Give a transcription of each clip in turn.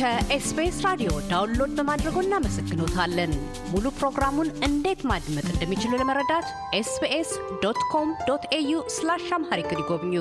ከኤስቢኤስ ራዲዮ ዳውንሎድ በማድረጎ እናመሰግኖታለን። ሙሉ ፕሮግራሙን እንዴት ማድመጥ እንደሚችሉ ለመረዳት ኤስቢኤስ ዶት ኮም ዶት ኤዩ ስላሽ አምሃሪክ ይጎብኙ።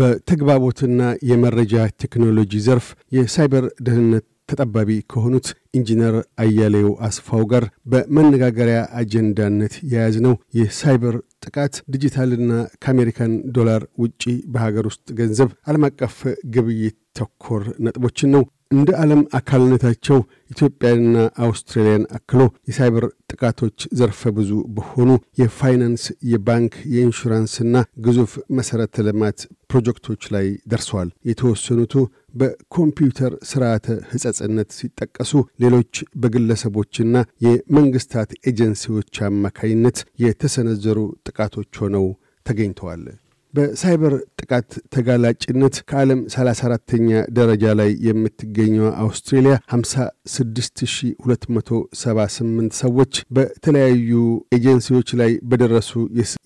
በተግባቦትና የመረጃ ቴክኖሎጂ ዘርፍ የሳይበር ደህንነት ተጠባቢ ከሆኑት ኢንጂነር አያሌው አስፋው ጋር በመነጋገሪያ አጀንዳነት የያዝነው የሳይበር ጥቃት ዲጂታልና ከአሜሪካን ዶላር ውጪ በሀገር ውስጥ ገንዘብ ዓለም አቀፍ ግብይት ተኮር ነጥቦችን ነው። እንደ ዓለም አካልነታቸው ኢትዮጵያንና አውስትራሊያን አክሎ የሳይበር ጥቃቶች ዘርፈ ብዙ በሆኑ የፋይናንስ፣ የባንክ፣ የኢንሹራንስና ግዙፍ መሠረተ ልማት ፕሮጀክቶች ላይ ደርሰዋል። የተወሰኑቱ በኮምፒውተር ስርዓተ ህጸጽነት ሲጠቀሱ ሌሎች በግለሰቦችና የመንግስታት ኤጀንሲዎች አማካይነት የተሰነዘሩ ጥቃቶች ሆነው ተገኝተዋል። በሳይበር ጥቃት ተጋላጭነት ከዓለም 34ተኛ ደረጃ ላይ የምትገኘው አውስትሬሊያ 56278 ሰዎች በተለያዩ ኤጀንሲዎች ላይ በደረሱ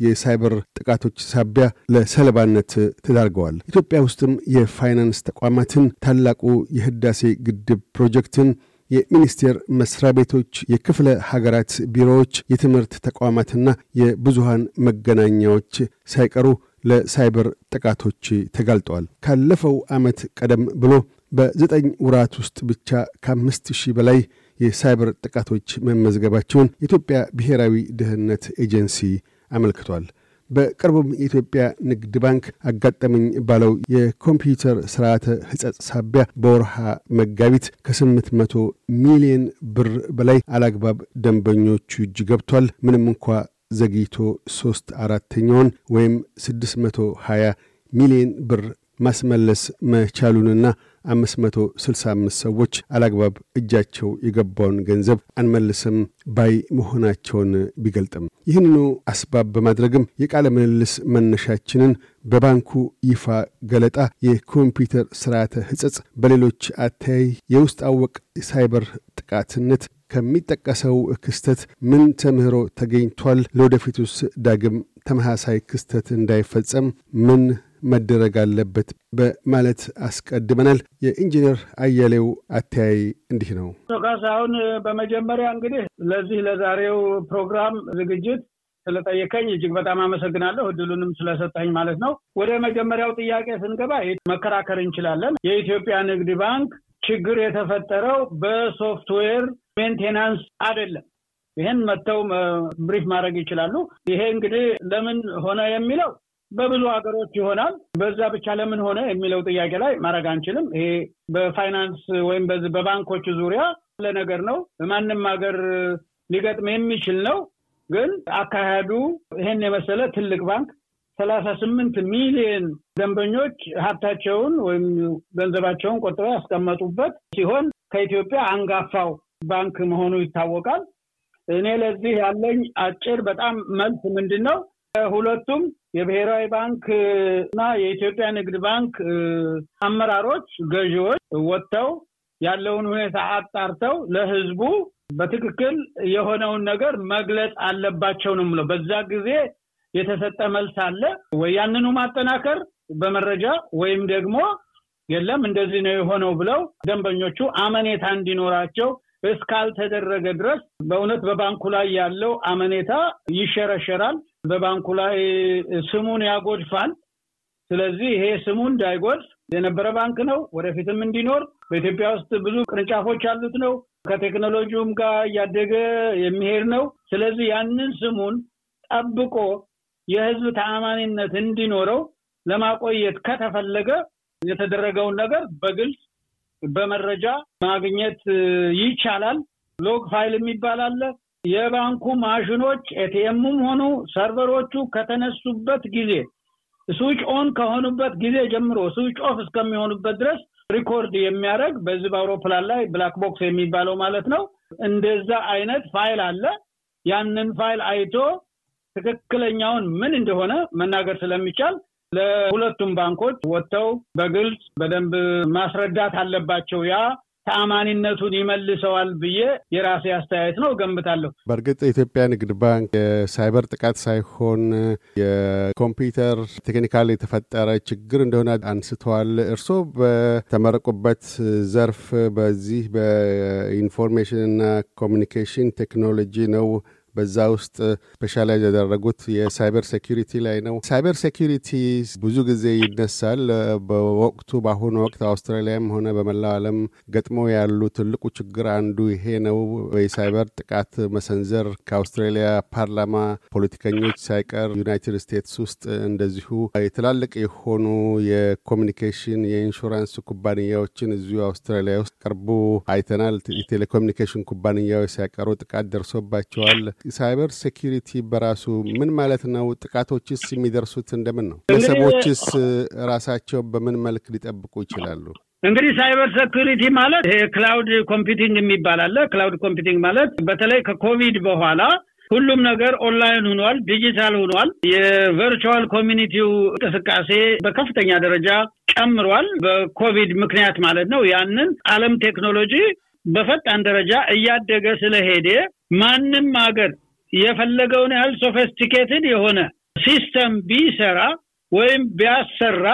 የሳይበር ጥቃቶች ሳቢያ ለሰለባነት ተዳርገዋል። ኢትዮጵያ ውስጥም የፋይናንስ ተቋማትን፣ ታላቁ የህዳሴ ግድብ ፕሮጀክትን የሚኒስቴር መስሪያ ቤቶች፣ የክፍለ ሀገራት ቢሮዎች፣ የትምህርት ተቋማትና የብዙሃን መገናኛዎች ሳይቀሩ ለሳይበር ጥቃቶች ተጋልጠዋል። ካለፈው ዓመት ቀደም ብሎ በዘጠኝ ውራት ውስጥ ብቻ ከአምስት ሺህ በላይ የሳይበር ጥቃቶች መመዝገባቸውን የኢትዮጵያ ብሔራዊ ደህንነት ኤጀንሲ አመልክቷል። በቅርቡም የኢትዮጵያ ንግድ ባንክ አጋጠመኝ ባለው የኮምፒውተር ስርዓተ ሕጸጽ ሳቢያ በወርሃ መጋቢት ከ መቶ ሚሊዮን ብር በላይ አላግባብ ደንበኞቹ እጅ ገብቷል ምንም እንኳ ዘግይቶ ሦስት አራተኛውን ወይም 620 ሚሊዮን ብር ማስመለስ መቻሉንና 565 ሰዎች አላግባብ እጃቸው የገባውን ገንዘብ አንመልስም ባይ መሆናቸውን ቢገልጥም ይህንኑ አስባብ በማድረግም የቃለ ምልልስ መነሻችንን በባንኩ ይፋ ገለጣ የኮምፒውተር ስርዓተ ህጸጽ በሌሎች አተያይ የውስጥ አወቅ ሳይበር ጥቃትነት ከሚጠቀሰው ክስተት ምን ተምህሮ ተገኝቷል? ለወደፊቱስ ዳግም ተመሳሳይ ክስተት እንዳይፈጸም ምን መደረግ አለበት በማለት አስቀድመናል። የኢንጂነር አያሌው አተያይ እንዲህ ነው። ካሳሁን፣ በመጀመሪያ እንግዲህ ለዚህ ለዛሬው ፕሮግራም ዝግጅት ስለጠየከኝ እጅግ በጣም አመሰግናለሁ። እድሉንም ስለሰጠኝ ማለት ነው። ወደ መጀመሪያው ጥያቄ ስንገባ መከራከር እንችላለን። የኢትዮጵያ ንግድ ባንክ ችግር የተፈጠረው በሶፍትዌር ሜንቴናንስ አይደለም። ይህን መጥተው ብሪፍ ማድረግ ይችላሉ። ይሄ እንግዲህ ለምን ሆነ የሚለው በብዙ ሀገሮች ይሆናል። በዛ ብቻ ለምን ሆነ የሚለው ጥያቄ ላይ ማድረግ አንችልም። ይሄ በፋይናንስ ወይም በዚህ በባንኮች ዙሪያ ለነገር ነው። በማንም ሀገር ሊገጥም የሚችል ነው። ግን አካሄዱ ይሄን የመሰለ ትልቅ ባንክ ሰላሳ ስምንት ሚሊዮን ደንበኞች ሀብታቸውን ወይም ገንዘባቸውን ቆጥበው ያስቀመጡበት ሲሆን ከኢትዮጵያ አንጋፋው ባንክ መሆኑ ይታወቃል። እኔ ለዚህ ያለኝ አጭር በጣም መልስ ምንድን ነው? ሁለቱም የብሔራዊ ባንክ እና የኢትዮጵያ ንግድ ባንክ አመራሮች፣ ገዢዎች ወጥተው ያለውን ሁኔታ አጣርተው ለህዝቡ በትክክል የሆነውን ነገር መግለጽ አለባቸው ነው የምለው። በዛ ጊዜ የተሰጠ መልስ አለ ወይ ያንኑ ማጠናከር በመረጃ ወይም ደግሞ የለም እንደዚህ ነው የሆነው ብለው ደንበኞቹ አመኔታ እንዲኖራቸው እስካልተደረገ ድረስ በእውነት በባንኩ ላይ ያለው አመኔታ ይሸረሸራል። በባንኩ ላይ ስሙን ያጎድፋል። ስለዚህ ይሄ ስሙ እንዳይጎድፍ የነበረ ባንክ ነው፣ ወደፊትም እንዲኖር በኢትዮጵያ ውስጥ ብዙ ቅርንጫፎች ያሉት ነው፣ ከቴክኖሎጂውም ጋር እያደገ የሚሄድ ነው። ስለዚህ ያንን ስሙን ጠብቆ የህዝብ ተአማኒነት እንዲኖረው ለማቆየት ከተፈለገ የተደረገውን ነገር በግልጽ በመረጃ ማግኘት ይቻላል። ሎግ ፋይል የሚባል አለ። የባንኩ ማሽኖች ኤቲኤምም ሆኑ ሰርቨሮቹ ከተነሱበት ጊዜ ስዊች ኦን ከሆኑበት ጊዜ ጀምሮ ስዊች ኦፍ እስከሚሆኑበት ድረስ ሪኮርድ የሚያደርግ በዚህ በአውሮፕላን ላይ ብላክ ቦክስ የሚባለው ማለት ነው። እንደዛ አይነት ፋይል አለ። ያንን ፋይል አይቶ ትክክለኛውን ምን እንደሆነ መናገር ስለሚቻል ለሁለቱም ባንኮች ወጥተው በግልጽ በደንብ ማስረዳት አለባቸው። ያ ተአማኒነቱን ይመልሰዋል ብዬ የራሴ አስተያየት ነው ገምታለሁ። በእርግጥ የኢትዮጵያ ንግድ ባንክ የሳይበር ጥቃት ሳይሆን የኮምፒውተር ቴክኒካል የተፈጠረ ችግር እንደሆነ አንስተዋል። እርስዎ በተመረቁበት ዘርፍ በዚህ በኢንፎርሜሽንና ኮሚኒኬሽን ቴክኖሎጂ ነው በዛ ውስጥ ስፔሻላይዝ ያደረጉት የሳይበር ሴኪሪቲ ላይ ነው። ሳይበር ሴኪሪቲ ብዙ ጊዜ ይነሳል። በወቅቱ በአሁኑ ወቅት አውስትራሊያም ሆነ በመላው ዓለም ገጥሞ ያሉ ትልቁ ችግር አንዱ ይሄ ነው። የሳይበር ጥቃት መሰንዘር ከአውስትራሊያ ፓርላማ ፖለቲከኞች ሳይቀር ዩናይትድ ስቴትስ ውስጥ እንደዚሁ የትላልቅ የሆኑ የኮሚኒኬሽን የኢንሹራንስ ኩባንያዎችን እዚሁ አውስትራሊያ ውስጥ ቅርቡ አይተናል። የቴሌኮሚኒኬሽን ኩባንያዎች ሳይቀሩ ጥቃት ደርሶባቸዋል። ሳይበር ሴኪሪቲ በራሱ ምን ማለት ነው? ጥቃቶችስ የሚደርሱት እንደምን ነው? ቤተሰቦችስ ራሳቸው በምን መልክ ሊጠብቁ ይችላሉ? እንግዲህ ሳይበር ሴኩሪቲ ማለት ይሄ ክላውድ ኮምፒውቲንግ የሚባል አለ። ክላውድ ኮምፒቲንግ ማለት በተለይ ከኮቪድ በኋላ ሁሉም ነገር ኦንላይን ሆኗል፣ ዲጂታል ሆኗል። የቨርቹዋል ኮሚኒቲው እንቅስቃሴ በከፍተኛ ደረጃ ጨምሯል፣ በኮቪድ ምክንያት ማለት ነው። ያንን ዓለም ቴክኖሎጂ በፈጣን ደረጃ እያደገ ስለሄደ ማንም ሀገር የፈለገውን ያህል ሶፌስቲኬትድ የሆነ ሲስተም ቢሰራ ወይም ቢያሰራ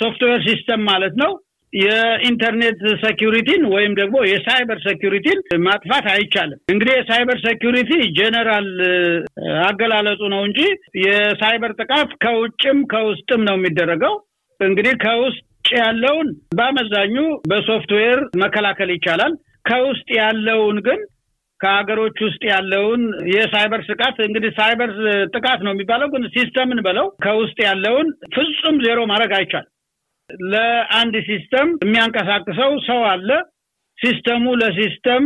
ሶፍትዌር ሲስተም ማለት ነው የኢንተርኔት ሴኪሪቲን ወይም ደግሞ የሳይበር ሴኪሪቲን ማጥፋት አይቻልም። እንግዲህ የሳይበር ሴኪሪቲ ጀነራል አገላለጹ ነው እንጂ የሳይበር ጥቃት ከውጭም ከውስጥም ነው የሚደረገው። እንግዲህ ከውስጥ ያለውን በአመዛኙ በሶፍትዌር መከላከል ይቻላል። ከውስጥ ያለውን ግን ከሀገሮች ውስጥ ያለውን የሳይበር ስቃት እንግዲህ ሳይበር ጥቃት ነው የሚባለው፣ ግን ሲስተምን በለው ከውስጥ ያለውን ፍጹም ዜሮ ማድረግ አይቻል። ለአንድ ሲስተም የሚያንቀሳቅሰው ሰው አለ። ሲስተሙ ለሲስተም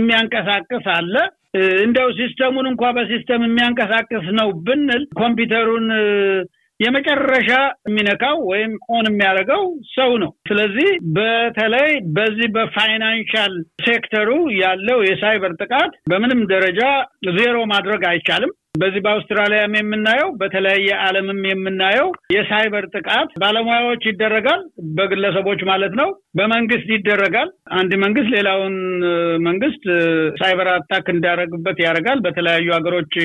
የሚያንቀሳቅስ አለ። እንደው ሲስተሙን እንኳ በሲስተም የሚያንቀሳቅስ ነው ብንል ኮምፒውተሩን የመጨረሻ የሚነካው ወይም ኦን የሚያደርገው ሰው ነው። ስለዚህ በተለይ በዚህ በፋይናንሻል ሴክተሩ ያለው የሳይበር ጥቃት በምንም ደረጃ ዜሮ ማድረግ አይቻልም። በዚህ በአውስትራሊያም የምናየው በተለያየ ዓለምም የምናየው የሳይበር ጥቃት ባለሙያዎች ይደረጋል፣ በግለሰቦች ማለት ነው። በመንግስት ይደረጋል። አንድ መንግስት ሌላውን መንግስት ሳይበር አታክ እንዳደረግበት ያደርጋል። በተለያዩ ሀገሮች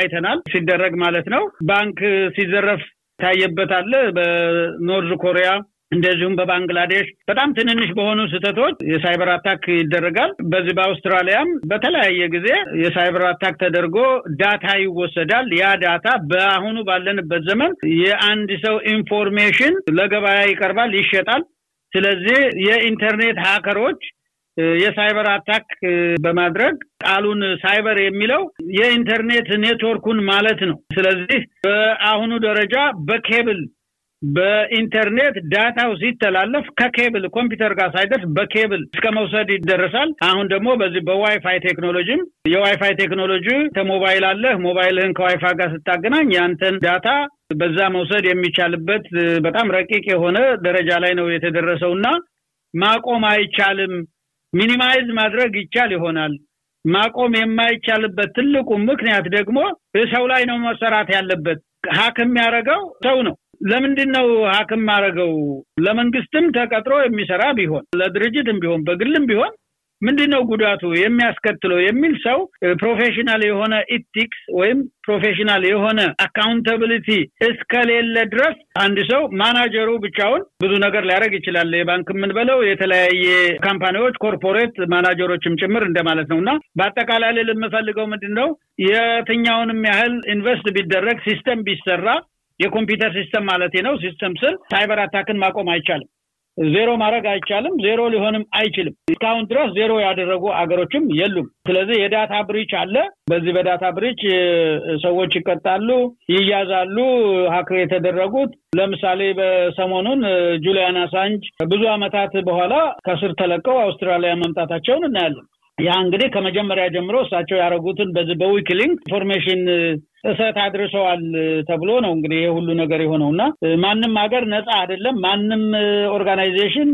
አይተናል ሲደረግ ማለት ነው። ባንክ ሲዘረፍ የሚታየበት አለ። በኖርዝ ኮሪያ እንደዚሁም በባንግላዴሽ በጣም ትንንሽ በሆኑ ስህተቶች የሳይበር አታክ ይደረጋል። በዚህ በአውስትራሊያም በተለያየ ጊዜ የሳይበር አታክ ተደርጎ ዳታ ይወሰዳል። ያ ዳታ በአሁኑ ባለንበት ዘመን የአንድ ሰው ኢንፎርሜሽን ለገበያ ይቀርባል፣ ይሸጣል። ስለዚህ የኢንተርኔት ሀከሮች የሳይበር አታክ በማድረግ ቃሉን ሳይበር የሚለው የኢንተርኔት ኔትወርኩን ማለት ነው። ስለዚህ በአሁኑ ደረጃ በኬብል በኢንተርኔት ዳታው ሲተላለፍ ከኬብል ኮምፒውተር ጋር ሳይደርስ በኬብል እስከ መውሰድ ይደረሳል። አሁን ደግሞ በዚህ በዋይፋይ ቴክኖሎጂም የዋይፋይ ቴክኖሎጂ ተሞባይል አለህ ሞባይልህን ከዋይፋይ ጋር ስታገናኝ ያንተን ዳታ በዛ መውሰድ የሚቻልበት በጣም ረቂቅ የሆነ ደረጃ ላይ ነው የተደረሰው እና ማቆም አይቻልም ሚኒማይዝ ማድረግ ይቻል ይሆናል። ማቆም የማይቻልበት ትልቁ ምክንያት ደግሞ ሰው ላይ ነው መሰራት ያለበት። ሀክም ያደረገው ሰው ነው። ለምንድን ነው ሀክም ማድረገው? ለመንግስትም ተቀጥሮ የሚሰራ ቢሆን ለድርጅትም ቢሆን በግልም ቢሆን ምንድን ነው ጉዳቱ የሚያስከትለው የሚል ሰው ፕሮፌሽናል የሆነ ኢቲክስ ወይም ፕሮፌሽናል የሆነ አካውንታብሊቲ እስከሌለ ድረስ አንድ ሰው ማናጀሩ ብቻውን ብዙ ነገር ሊያደረግ ይችላል። የባንክ የምንበለው የተለያየ ካምፓኒዎች፣ ኮርፖሬት ማናጀሮችም ጭምር እንደማለት ነው እና በአጠቃላይ የምፈልገው ምንድን ነው የትኛውንም ያህል ኢንቨስት ቢደረግ ሲስተም ቢሰራ የኮምፒውተር ሲስተም ማለት ነው። ሲስተም ስል ሳይበር አታክን ማቆም አይቻልም። ዜሮ ማድረግ አይቻልም። ዜሮ ሊሆንም አይችልም። እስካሁን ድረስ ዜሮ ያደረጉ አገሮችም የሉም። ስለዚህ የዳታ ብሪች አለ። በዚህ በዳታ ብሪች ሰዎች ይቀጣሉ፣ ይያዛሉ። ሀክ የተደረጉት ለምሳሌ በሰሞኑን ጁሊያን አሳንጅ ብዙ ዓመታት በኋላ ከስር ተለቀው አውስትራሊያ መምጣታቸውን እናያለን። ያ እንግዲህ ከመጀመሪያ ጀምሮ እሳቸው ያደረጉትን በዚህ በዊኪሊንግ ኢንፎርሜሽን ጥሰት አድርሰዋል ተብሎ ነው እንግዲህ ሁሉ ነገር የሆነው እና ማንም ሀገር ነፃ አይደለም። ማንም ኦርጋናይዜሽን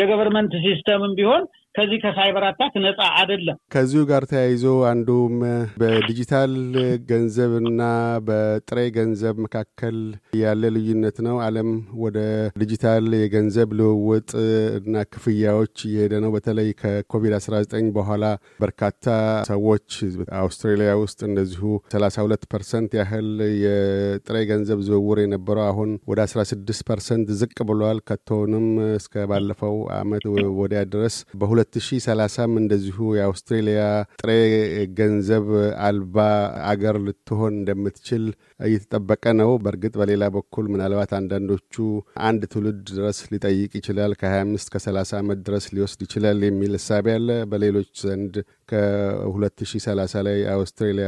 የገቨርንመንት ሲስተምም ቢሆን ከዚህ ከሳይበር አታክ ነጻ አይደለም። ከዚሁ ጋር ተያይዞ አንዱም በዲጂታል ገንዘብና በጥሬ ገንዘብ መካከል ያለ ልዩነት ነው። ዓለም ወደ ዲጂታል የገንዘብ ልውውጥ እና ክፍያዎች እየሄደ ነው። በተለይ ከኮቪድ-19 በኋላ በርካታ ሰዎች አውስትራሊያ ውስጥ እንደዚሁ 32 ፐርሰንት ያህል የጥሬ ገንዘብ ዝውውር የነበረው አሁን ወደ 16 ፐርሰንት ዝቅ ብሏል። ከቶንም እስከ ባለፈው አመት ወዲያ ድረስ በሁለ 2030 እንደዚሁ የአውስትሬሊያ ጥሬ ገንዘብ አልባ አገር ልትሆን እንደምትችል እየተጠበቀ ነው። በእርግጥ በሌላ በኩል ምናልባት አንዳንዶቹ አንድ ትውልድ ድረስ ሊጠይቅ ይችላል፣ ከ25 ከ30 ዓመት ድረስ ሊወስድ ይችላል የሚል እሳቤ አለ። በሌሎች ዘንድ ከ2030 ላይ አውስትሬሊያ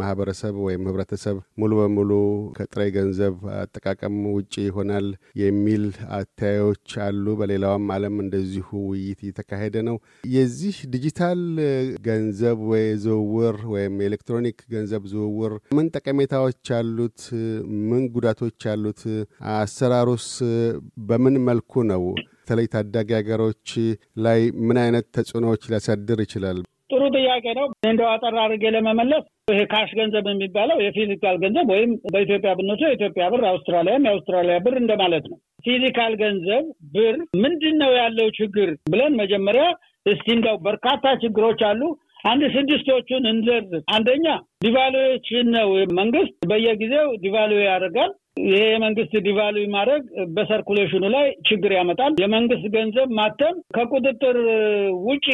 ማህበረሰብ ወይም ህብረተሰብ ሙሉ በሙሉ ከጥሬ ገንዘብ አጠቃቀም ውጭ ይሆናል የሚል አታዮች አሉ። በሌላውም ዓለም እንደዚሁ ውይይት እየተካሄደ ነው። የዚህ ዲጂታል ገንዘብ ወይ ዝውውር ወይም ኤሌክትሮኒክ ገንዘብ ዝውውር ምን ጠቀሜታዎች አሉት? ምን ጉዳቶች አሉት? አሰራሩስ በምን መልኩ ነው? በተለይ ታዳጊ ሀገሮች ላይ ምን አይነት ተጽዕኖዎች ሊያሳድር ይችላል? ጥሩ ጥያቄ ነው። እንደው አጠር አድርጌ ለመመለስ ይሄ ካሽ ገንዘብ የሚባለው የፊዚካል ገንዘብ ወይም በኢትዮጵያ ብነሱ የኢትዮጵያ ብር፣ አውስትራሊያም የአውስትራሊያ ብር እንደማለት ነው። ፊዚካል ገንዘብ ብር ምንድን ነው ያለው ችግር ብለን መጀመሪያ እስቲ እንደው በርካታ ችግሮች አሉ። አንድ ስድስቶቹን እንዘርዝር። አንደኛ ዲቫሉዌሽን ነው። መንግስት በየጊዜው ዲቫሉዌ ያደርጋል። ይሄ የመንግስት ዲቫሉ ማድረግ በሰርኩሌሽኑ ላይ ችግር ያመጣል። የመንግስት ገንዘብ ማተም ከቁጥጥር ውጪ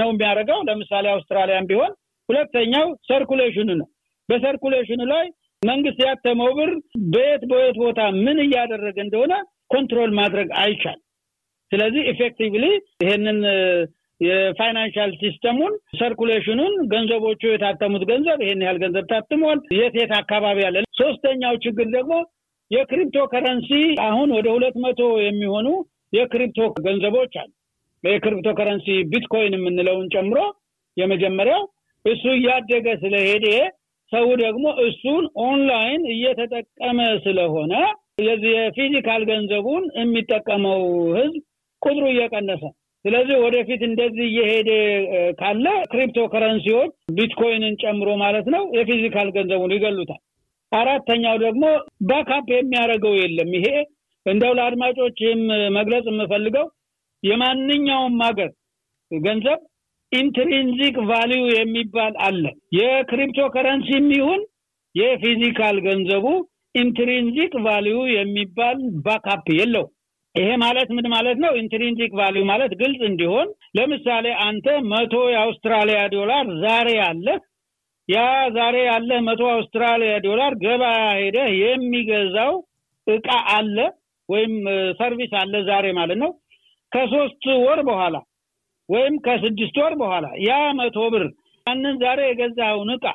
ነው የሚያደርገው። ለምሳሌ አውስትራሊያን ቢሆን ሁለተኛው ሰርኩሌሽኑ ነው። በሰርኩሌሽኑ ላይ መንግስት ያተመው ብር በየት በየት ቦታ ምን እያደረገ እንደሆነ ኮንትሮል ማድረግ አይቻል። ስለዚህ ኢፌክቲቭሊ ይሄንን የፋይናንሻል ሲስተሙን ሰርኩሌሽኑን፣ ገንዘቦቹ የታተሙት ገንዘብ ይሄን ያህል ገንዘብ ታትሟል፣ የት የት አካባቢ አለ። ሶስተኛው ችግር ደግሞ የክሪፕቶ ከረንሲ አሁን ወደ ሁለት መቶ የሚሆኑ የክሪፕቶ ገንዘቦች አሉ። የክሪፕቶ ከረንሲ ቢትኮይን የምንለውን ጨምሮ የመጀመሪያው እሱ እያደገ ስለሄደ ሰው ደግሞ እሱን ኦንላይን እየተጠቀመ ስለሆነ የዚህ የፊዚካል ገንዘቡን የሚጠቀመው ህዝብ ቁጥሩ እየቀነሰ ስለዚህ ወደፊት እንደዚህ እየሄደ ካለ ክሪፕቶ ከረንሲዎች ቢትኮይንን ጨምሮ ማለት ነው የፊዚካል ገንዘቡን ይገሉታል። አራተኛው ደግሞ ባካፕ የሚያደርገው የለም። ይሄ እንደው ለአድማጮችም መግለጽ የምፈልገው የማንኛውም ሀገር ገንዘብ ኢንትሪንዚክ ቫሊዩ የሚባል አለ። የክሪፕቶ ከረንሲ የሚሆን የፊዚካል ገንዘቡ ኢንትሪንዚክ ቫሊዩ የሚባል ባካፕ የለው። ይሄ ማለት ምን ማለት ነው? ኢንትሪንዚክ ቫሊዩ ማለት ግልጽ እንዲሆን ለምሳሌ አንተ መቶ የአውስትራሊያ ዶላር ዛሬ አለህ። ያ ዛሬ ያለህ መቶ አውስትራሊያ ዶላር ገበያ ሄደህ የሚገዛው እቃ አለ ወይም ሰርቪስ አለ ዛሬ ማለት ነው። ከሶስት ወር በኋላ ወይም ከስድስት ወር በኋላ ያ መቶ ብር ያንን ዛሬ የገዛኸውን እቃ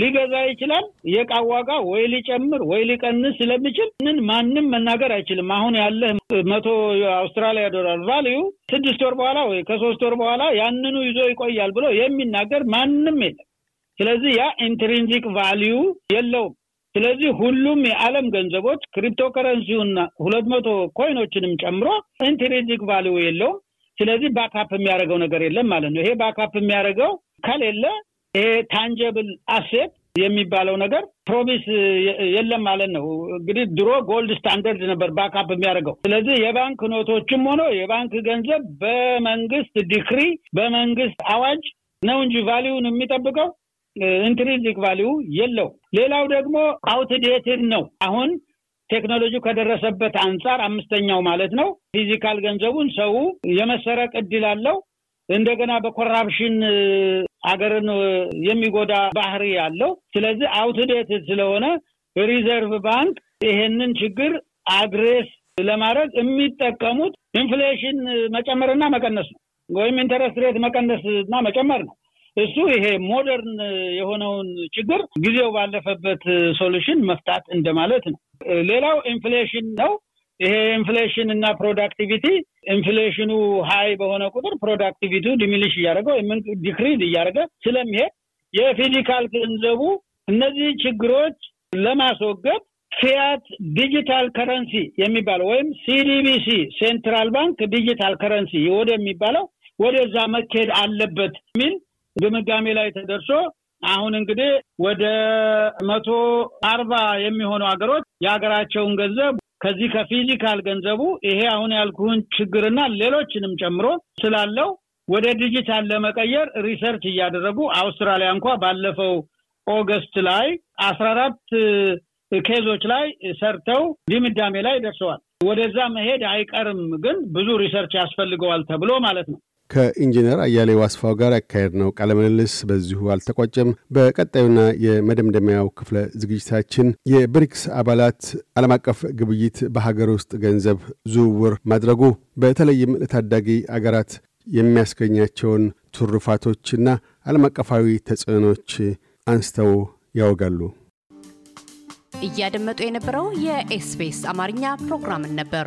ሊገዛ ይችላል። የእቃ ዋጋ ወይ ሊጨምር ወይ ሊቀንስ ስለሚችል ምን ማንም መናገር አይችልም። አሁን ያለህ መቶ አውስትራሊያ ዶላር ቫልዩ ስድስት ወር በኋላ ወይ ከሶስት ወር በኋላ ያንኑ ይዞ ይቆያል ብሎ የሚናገር ማንም የለም። ስለዚህ ያ ኢንትሪንዚክ ቫልዩ የለውም። ስለዚህ ሁሉም የዓለም ገንዘቦች ክሪፕቶ ከረንሲውና ሁለት መቶ ኮይኖችንም ጨምሮ ኢንትሪንዚክ ቫሊዩ የለውም። ስለዚህ ባካፕ የሚያደርገው ነገር የለም ማለት ነው። ይሄ ባካፕ የሚያደርገው ከሌለ ይሄ ታንጀብል አሴት የሚባለው ነገር ፕሮሚስ የለም ማለት ነው። እንግዲህ ድሮ ጎልድ ስታንደርድ ነበር ባካፕ የሚያደርገው። ስለዚህ የባንክ ኖቶችም ሆኖ የባንክ ገንዘብ በመንግስት ዲክሪ፣ በመንግስት አዋጅ ነው እንጂ ቫሊዩን የሚጠብቀው ኢንትሪንዚክ ቫሊዩ የለው። ሌላው ደግሞ አውትዴትድ ነው። አሁን ቴክኖሎጂ ከደረሰበት አንጻር አምስተኛው ማለት ነው። ፊዚካል ገንዘቡን ሰው የመሰረቅ እድል አለው። እንደገና በኮራፕሽን አገርን የሚጎዳ ባህሪ አለው። ስለዚህ አውትዴትድ ስለሆነ ሪዘርቭ ባንክ ይሄንን ችግር አድሬስ ለማድረግ የሚጠቀሙት ኢንፍሌሽን መጨመርና መቀነስ ነው ወይም ኢንተረስት ሬት መቀነስና መጨመር ነው። እሱ ይሄ ሞደርን የሆነውን ችግር ጊዜው ባለፈበት ሶሉሽን መፍታት እንደማለት ነው። ሌላው ኢንፍሌሽን ነው። ይሄ ኢንፍሌሽን እና ፕሮዳክቲቪቲ ኢንፍሌሽኑ ሀይ በሆነ ቁጥር ፕሮዳክቲቪቲ ዲሚሊሽ እያደረገ ወይም ዲክሪድ እያደረገ ስለሚሄድ የፊዚካል ገንዘቡ እነዚህ ችግሮች ለማስወገድ ፊያት ዲጂታል ከረንሲ የሚባለው ወይም ሲዲቢሲ ሴንትራል ባንክ ዲጂታል ከረንሲ ወደሚባለው ወደዛ መካሄድ አለበት የሚል ድምጋሜ ላይ ተደርሶ አሁን እንግዲህ ወደ መቶ አርባ የሚሆኑ ሀገሮች የሀገራቸውን ገንዘብ ከዚህ ከፊዚካል ገንዘቡ ይሄ አሁን ያልኩህን ችግርና ሌሎችንም ጨምሮ ስላለው ወደ ዲጂታል ለመቀየር ሪሰርች እያደረጉ አውስትራሊያ እንኳ ባለፈው ኦገስት ላይ አስራ አራት ኬዞች ላይ ሰርተው ድምዳሜ ላይ ደርሰዋል። ወደዛ መሄድ አይቀርም፣ ግን ብዙ ሪሰርች ያስፈልገዋል ተብሎ ማለት ነው። ከኢንጂነር አያሌ ዋስፋው ጋር ያካሄድ ነው ቃለምልልስ በዚሁ አልተቋጨም። በቀጣዩና የመደምደሚያው ክፍለ ዝግጅታችን የብሪክስ አባላት ዓለም አቀፍ ግብይት በሀገር ውስጥ ገንዘብ ዝውውር ማድረጉ በተለይም ለታዳጊ አገራት የሚያስገኛቸውን ትሩፋቶችና ዓለም አቀፋዊ ተጽዕኖች አንስተው ያወጋሉ። እያደመጡ የነበረው የኤስፔስ አማርኛ ፕሮግራምን ነበር።